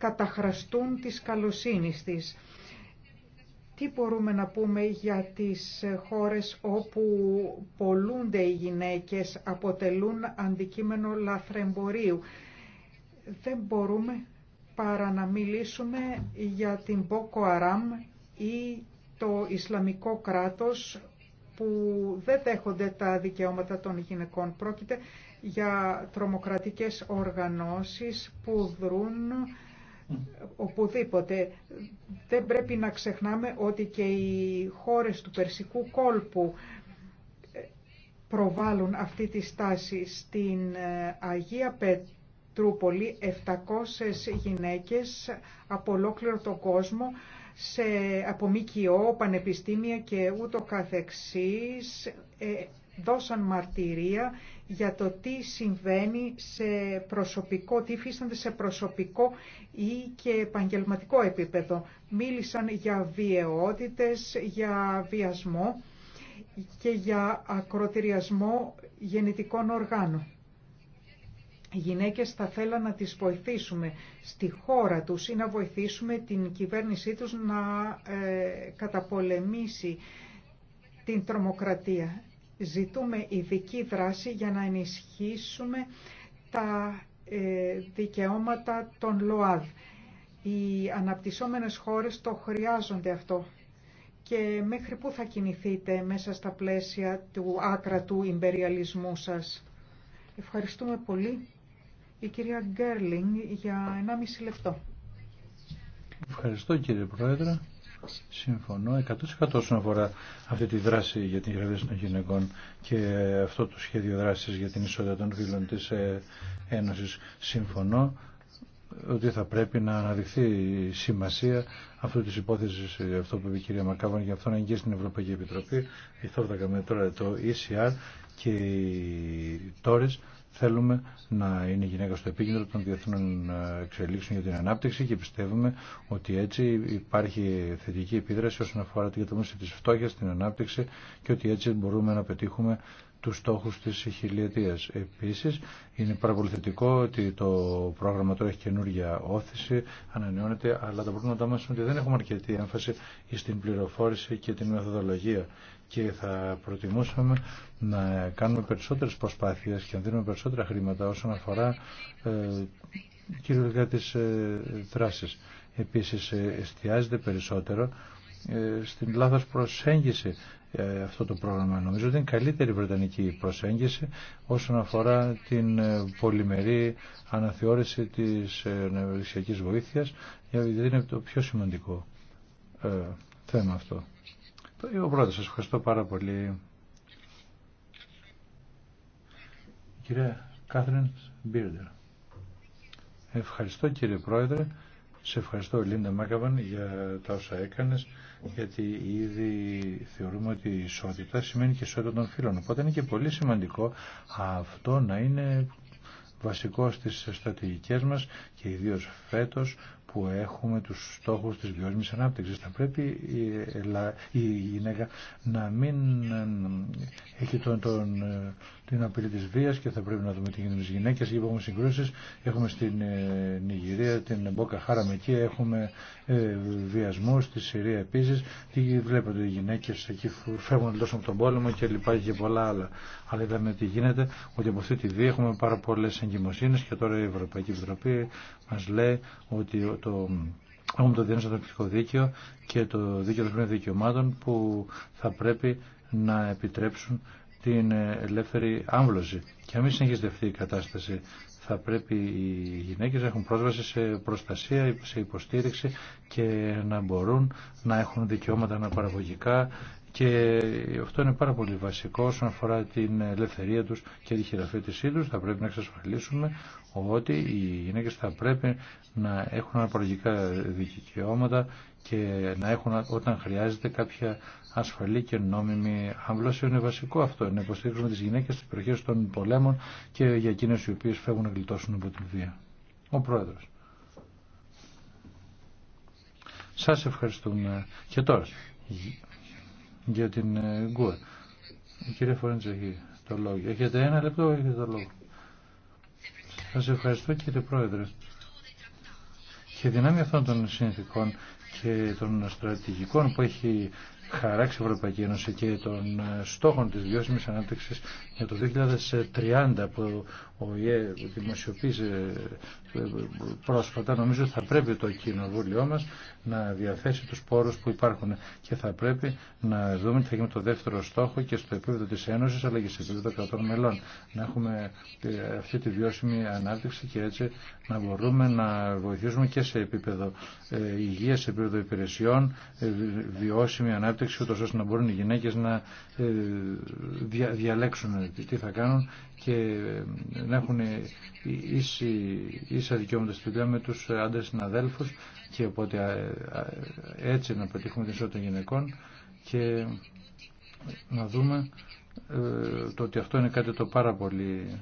καταχραστούν της καλοσύνης της. Τι μπορούμε να πούμε για τις χώρες όπου πολλούνται οι γυναίκες, αποτελούν αντικείμενο λαθρεμπορίου. Δεν μπορούμε παρά να μιλήσουμε για την Boko Haram ή το Ισλαμικό κράτος που δεν δέχονται τα δικαιώματα των γυναικών. Πρόκειται για τρομοκρατικές οργανώσεις που δρούν οπουδήποτε. Δεν πρέπει να ξεχνάμε ότι και οι χώρες του Περσικού κόλπου ε, προβάλλουν αυτή τη στάση στην ε, Αγία Πετρούπολη 700 γυναίκες από ολόκληρο τον κόσμο σε, από ΜΚΟ, πανεπιστήμια και ούτω καθεξής ε, δώσαν μαρτυρία για το τι συμβαίνει σε προσωπικό, τι υφίστανται σε προσωπικό ή και επαγγελματικό επίπεδο. Μίλησαν για βιαιότητες, για βιασμό και για ακροτηριασμό γεννητικών οργάνων. Οι γυναίκες θα θέλαν να τις βοηθήσουμε στη χώρα τους ή να βοηθήσουμε την κυβέρνησή τους να ε, καταπολεμήσει την τρομοκρατία ζητούμε ειδική δράση για να ενισχύσουμε τα ε, δικαιώματα των ΛΟΑΔ. Οι αναπτυσσόμενες χώρες το χρειάζονται αυτό. Και μέχρι πού θα κινηθείτε μέσα στα πλαίσια του άκρα του ιμπεριαλισμού σας. Ευχαριστούμε πολύ. Η κυρία Γκέρλινγκ για 1,5 λεπτό. Ευχαριστώ κύριε Πρόεδρε. Συμφωνώ 100% όσον αφορά αυτή τη δράση για την γραφεία των γυναικών και αυτό το σχέδιο δράσης για την ισότητα των φίλων της ε, Ένωσης. Συμφωνώ ότι θα πρέπει να αναδειχθεί η σημασία αυτού της υπόθεσης, ε, αυτό που είπε η κυρία Μακάβαν, για αυτό να εγγύει στην Ευρωπαϊκή Επιτροπή. Η τώρα το ECR και οι τόρε. Θέλουμε να είναι η γυναίκα στο επίκεντρο των διεθνών ε, εξελίξεων για την ανάπτυξη και πιστεύουμε ότι έτσι υπάρχει θετική επίδραση όσον αφορά την κατανόηση της φτώχειας, την ανάπτυξη και ότι έτσι μπορούμε να πετύχουμε τους στόχους της χιλιετίας. Επίσης, είναι πάρα πολύ θετικό ότι το πρόγραμμα τώρα έχει καινούργια όθηση, ανανεώνεται, αλλά τα προβλήματά μας είναι ότι δεν έχουμε αρκετή έμφαση στην πληροφόρηση και την μεθοδολογία και θα προτιμούσαμε να κάνουμε περισσότερες προσπάθειες και να δίνουμε περισσότερα χρήματα όσον αφορά ε, κυριολεκτικά τις ε, δράσεις. Επίσης ε, εστιάζεται περισσότερο ε, στην λάθος προσέγγιση ε, αυτό το πρόγραμμα. Νομίζω ότι είναι καλύτερη βρετανική προσέγγιση όσον αφορά την πολυμερή αναθεώρηση της ε, βοήθειας γιατί είναι το πιο σημαντικό θέμα αυτό. Ο πρώτος, σας ευχαριστώ πάρα πολύ. Κυρία Κάθριν Μπίρντερ. Ευχαριστώ κύριε Πρόεδρε. Σε ευχαριστώ Λίντα Μάκαβαν για τα όσα έκανες, γιατί ήδη θεωρούμε ότι η ισότητα σημαίνει και ισότητα των φίλων. Οπότε είναι και πολύ σημαντικό αυτό να είναι βασικό στις στρατηγικές μας και ιδίως φέτος που έχουμε τους στόχους της βιώσιμης ανάπτυξης. Θα πρέπει η γυναίκα να μην ε, έχει τον, τον, ε, την απειλή της βίας και θα πρέπει να δούμε τι γίνεται με τις γυναίκες. Έχουμε συγκρούσεις, έχουμε στην ε, Νιγηρία, την Μπόκα Χάραμ εκεί, έχουμε ε, βιασμού στη Συρία επίσης. Τι βλέπετε οι γυναίκες εκεί φεύγουν τόσο από τον πόλεμο και λοιπά και πολλά άλλα. Αλλά είδαμε τι γίνεται, ότι από αυτή τη βία έχουμε πάρα πολλές εγκυμοσύνες και τώρα η Ευρωπαϊκή Επιτροπή Μα λέει ότι το, έχουμε το διεθνές ανθρωπιστικό δίκαιο και το δίκαιο των δικαιωμάτων που θα πρέπει να επιτρέψουν την ελεύθερη άμβλωση. Και αν μην συνεχίζεται αυτή η κατάσταση, θα πρέπει οι γυναίκες να έχουν πρόσβαση σε προστασία, σε υποστήριξη και να μπορούν να έχουν δικαιώματα αναπαραγωγικά και αυτό είναι πάρα πολύ βασικό όσον αφορά την ελευθερία τους και τη χειραφέτησή τους. Θα πρέπει να εξασφαλίσουμε ότι οι γυναίκες θα πρέπει να έχουν αναπαραγωγικά δικαιώματα και να έχουν όταν χρειάζεται κάποια ασφαλή και νόμιμη αμβλώση. Είναι βασικό αυτό, να υποστηρίξουμε τις γυναίκες στις περιοχές των πολέμων και για εκείνες οι οποίες φεύγουν να γλιτώσουν από την βία. Ο Πρόεδρος. Σας ευχαριστούμε και τώρα για την ε, γκουα. Κύριε Φορέντζα, το λόγο. Έχετε ένα λεπτό, έχετε το λόγο. Σας ευχαριστώ κύριε Πρόεδρε. Και δυνάμει αυτών των συνθήκων και των στρατηγικών που έχει χαράξει η Ευρωπαϊκή Ένωση και των ε, στόχων της βιώσιμης ανάπτυξης για το 2030 που ο ΙΕ δημοσιοποίησε ε, πρόσφατα νομίζω θα πρέπει το κοινοβούλιο μας να διαθέσει τους πόρους που υπάρχουν και θα πρέπει να δούμε τι θα γίνει το δεύτερο στόχο και στο επίπεδο της Ένωσης αλλά και σε επίπεδο κρατών μελών να έχουμε ε, αυτή τη βιώσιμη ανάπτυξη και έτσι να μπορούμε να βοηθήσουμε και σε επίπεδο ε, υγεία, σε επίπεδο υπηρεσιών ε, βιώσιμη ανάπτυξη ούτως ώστε να μπορούν οι γυναίκες να διαλέξουν τι θα κάνουν και να έχουν ίση ίσα δικαιώματα στη δουλειά με τους άντρες συναδέλφου και οπότε ε, ε, έτσι να πετύχουμε την ισότητα των γυναικών και να δούμε ε, το ότι αυτό είναι κάτι το πάρα πολύ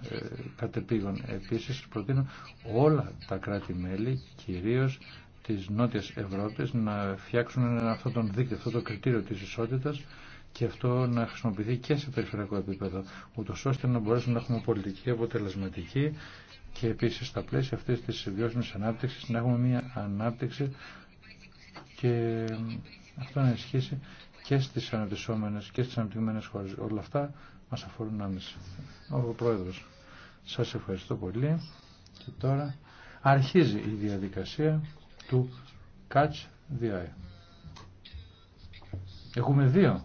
κατεπήγον. Επίσης προτείνω όλα τα κράτη-μέλη, κυρίως της Νότιας Ευρώπης, να φτιάξουν αυτό τον δίκτυο, αυτό το κριτήριο της ισότητας και αυτό να χρησιμοποιηθεί και σε περιφερειακό επίπεδο, ούτω ώστε να μπορέσουμε να έχουμε πολιτική αποτελεσματική και επίση στα πλαίσια αυτή τη βιώσιμη ανάπτυξη να έχουμε μια ανάπτυξη και αυτό να ισχύσει και στι αναπτυσσόμενε και στι αναπτυγμένε χώρε. Όλα αυτά μα αφορούν άμεσα. Ο Πρόεδρο, σα ευχαριστώ πολύ. Και τώρα αρχίζει η διαδικασία του Catch the Eye. Έχουμε δύο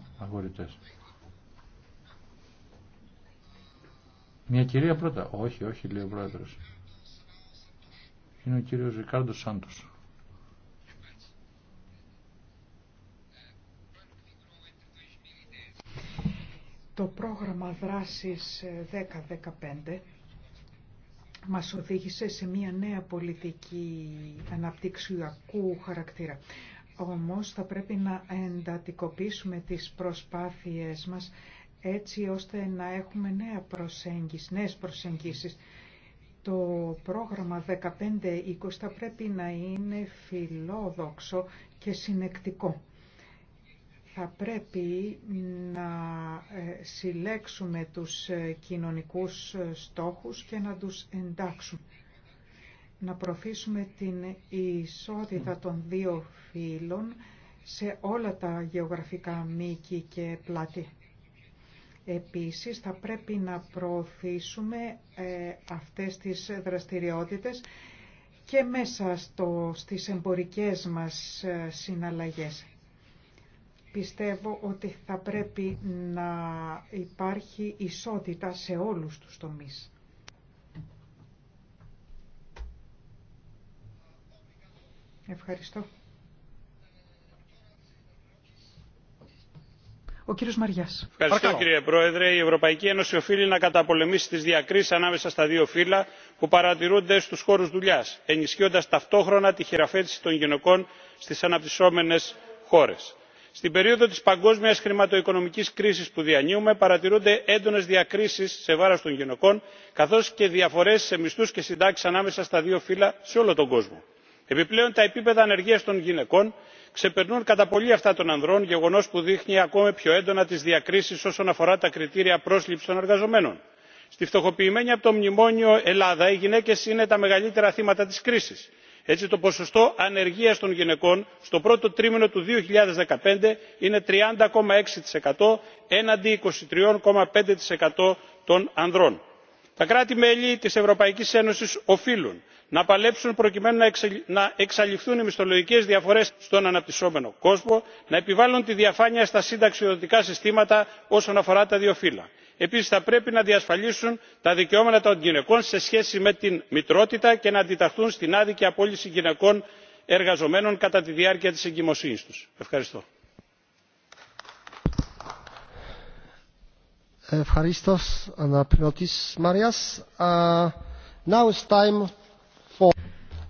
μια κυρία πρώτα. Όχι, όχι, λέει ο πρόεδρος. Είναι ο κύριος Ρικάρντο Σάντος. Το πρόγραμμα δράσης 10-15 ε, μας οδήγησε σε μια νέα πολιτική αναπτυξιακού χαρακτήρα. Όμως θα πρέπει να εντατικοποιήσουμε τις προσπάθειές μας έτσι ώστε να έχουμε νέα προσέγγιση, νέες προσεγγίσεις. Το πρόγραμμα 15-20 θα πρέπει να είναι φιλόδοξο και συνεκτικό. Θα πρέπει να ε, συλλέξουμε τους ε, κοινωνικούς ε, στόχους και να τους εντάξουμε να προωθήσουμε την ισότητα των δύο φύλων σε όλα τα γεωγραφικά μήκη και πλάτη. Επίσης, θα πρέπει να προωθήσουμε ε, αυτές τις δραστηριότητες και μέσα στο, στις εμπορικές μας ε, συναλλαγές. Πιστεύω ότι θα πρέπει να υπάρχει ισότητα σε όλους τους τομείς. Ευχαριστώ. Ο κύριος Μαριάς. Ευχαριστώ κύριε Πρόεδρε. Η Ευρωπαϊκή Ένωση οφείλει να καταπολεμήσει τις διακρίσεις ανάμεσα στα δύο φύλλα που παρατηρούνται στους χώρους δουλειάς, ενισχύοντας ταυτόχρονα τη χειραφέτηση των γυναικών στις αναπτυσσόμενες χώρες. Στην περίοδο της παγκόσμιας χρηματοοικονομικής κρίσης που διανύουμε παρατηρούνται έντονες διακρίσεις σε βάρος των γυναικών καθώς και διαφορές σε μισθούς και συντάξεις ανάμεσα στα δύο φύλλα σε όλο τον κόσμο επιπλέον τα επίπεδα ανεργίας των γυναικών ξεπερνούν κατά πολύ αυτά των ανδρών γεγονός που δείχνει ακόμη πιο έντονα τις διακρίσεις όσον αφορά τα κριτήρια πρόσληψης των εργαζομένων. στη φτωχοποιημένη από το μνημόνιο ελλάδα οι γυναίκες είναι τα μεγαλύτερα θύματα της κρίσης. έτσι το ποσοστό ανεργίας των γυναικών στο πρώτο τρίμηνο του δύο είναι τριάντα έξι έναντι είκοσι πέντε των ανδρών τα κράτη μέλη της ευρωπαϊκής ένωσης οφείλουν να παλέψουν προκειμένου να εξαλειφθούν οι μισθολογικές διαφορές στον αναπτυσσόμενο κόσμο να επιβάλλουν τη διαφάνεια στα σύνταξιοδοτικά συστήματα όσον αφορά τα δύο φύλλα. επίσης θα πρέπει να διασφαλίσουν τα δικαιώματα των γυναικών σε σχέση με την μητρότητα και να αντιταχθούν στην άδικη απόλυση γυναικών εργαζομένων κατά τη διάρκεια της εγκυμοσύνης τους. ευχαριστώ. Ευχαριστώ, αναπληρωτής Μαριάς. now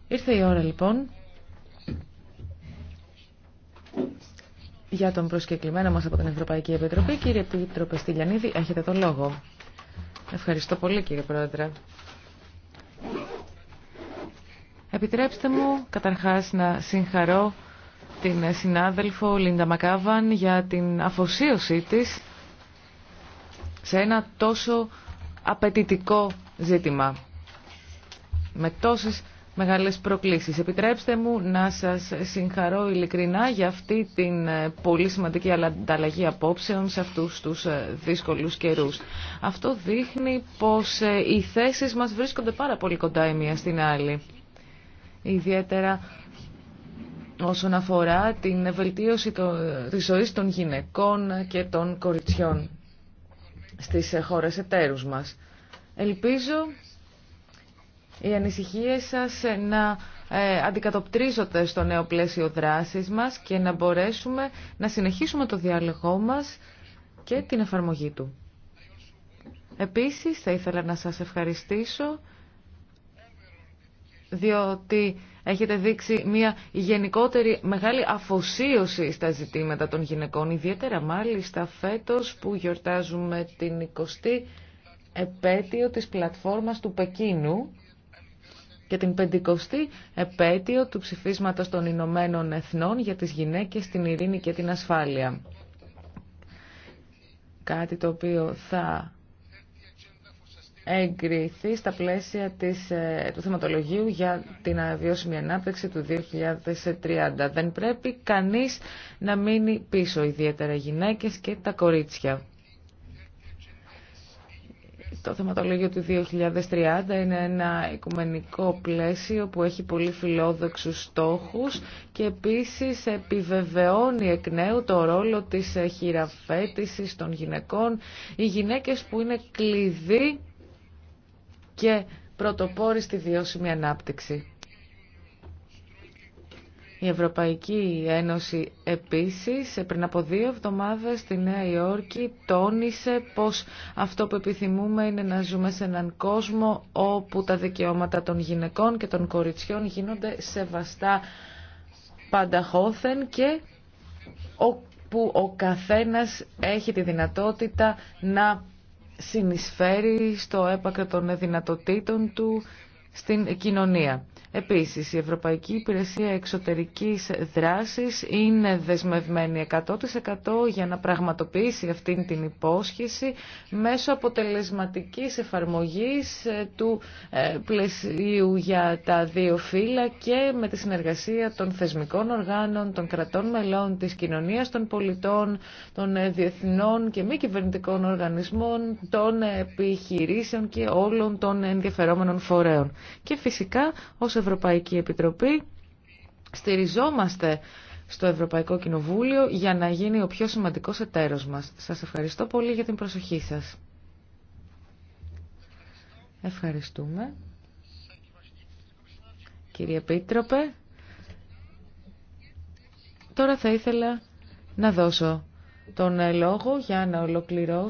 Ήρθε η ώρα λοιπόν για τον προσκεκλημένο μας από την Ευρωπαϊκή Επιτροπή. Κύριε Επίτροπε Στυλιανίδη, έχετε τον λόγο. Ευχαριστώ πολύ κύριε Πρόεδρε. Επιτρέψτε μου καταρχάς να συγχαρώ την συνάδελφο Λίντα Μακάβαν για την αφοσίωσή της σε ένα τόσο απαιτητικό ζήτημα με τόσες μεγάλες προκλήσεις. Επιτρέψτε μου να σας συγχαρώ ειλικρινά για αυτή την ε, πολύ σημαντική ανταλλαγή απόψεων σε αυτούς τους ε, δύσκολους καιρούς. Αυτό δείχνει πως ε, οι θέσεις μας βρίσκονται πάρα πολύ κοντά η μία στην άλλη. Ιδιαίτερα όσον αφορά την βελτίωση της ζωής των γυναικών και των κοριτσιών στις ε, χώρες εταίρους μας. Ελπίζω οι ανησυχίες σας ε, να ε, αντικατοπτρίζονται στο νέο πλαίσιο δράσης μας και να μπορέσουμε να συνεχίσουμε το διάλογό μας και την εφαρμογή του. Επίσης, θα ήθελα να σας ευχαριστήσω διότι έχετε δείξει μια γενικότερη μεγάλη αφοσίωση στα ζητήματα των γυναικών, ιδιαίτερα μάλιστα φέτος που γιορτάζουμε την 20η επέτειο της πλατφόρμας του Πεκίνου και την 50η επέτειο του ψηφίσματος των Ηνωμένων Εθνών για τις γυναίκες, την ειρήνη και την ασφάλεια. Κάτι το οποίο θα εγκριθεί στα πλαίσια της, ε, του θεματολογίου για την αβιώσιμη ανάπτυξη του 2030. Δεν πρέπει κανείς να μείνει πίσω, ιδιαίτερα οι γυναίκες και τα κορίτσια. Το θεματολόγιο του 2030 είναι ένα οικουμενικό πλαίσιο που έχει πολύ φιλόδοξους στόχους και επίσης επιβεβαιώνει εκ νέου το ρόλο της χειραφέτησης των γυναικών. Οι γυναίκες που είναι κλειδί και πρωτοπόροι στη βιώσιμη ανάπτυξη. Η Ευρωπαϊκή Ένωση επίσης πριν από δύο εβδομάδες στη Νέα Υόρκη τόνισε πως αυτό που επιθυμούμε είναι να ζούμε σε έναν κόσμο όπου τα δικαιώματα των γυναικών και των κοριτσιών γίνονται σεβαστά πανταχώθεν και όπου ο καθένας έχει τη δυνατότητα να συνεισφέρει στο έπακρο των δυνατοτήτων του στην κοινωνία. Επίσης, η Ευρωπαϊκή Υπηρεσία Εξωτερικής Δράσης είναι δεσμευμένη 100% για να πραγματοποιήσει αυτήν την υπόσχεση μέσω αποτελεσματικής εφαρμογής ε, του ε, πλαισίου για τα δύο φύλλα και με τη συνεργασία των θεσμικών οργάνων, των κρατών μελών, της κοινωνίας των πολιτών, των ε, διεθνών και μη κυβερνητικών οργανισμών, των επιχειρήσεων και όλων των ενδιαφερόμενων φορέων. Και φυσικά, Ευρωπαϊκή Επιτροπή στηριζόμαστε στο Ευρωπαϊκό Κοινοβούλιο για να γίνει ο πιο σημαντικός εταίρος μας. Σας ευχαριστώ πολύ για την προσοχή σας. Ευχαριστούμε. Κύριε Επίτροπε, τώρα θα ήθελα να δώσω τον λόγο για να ολοκληρώσω.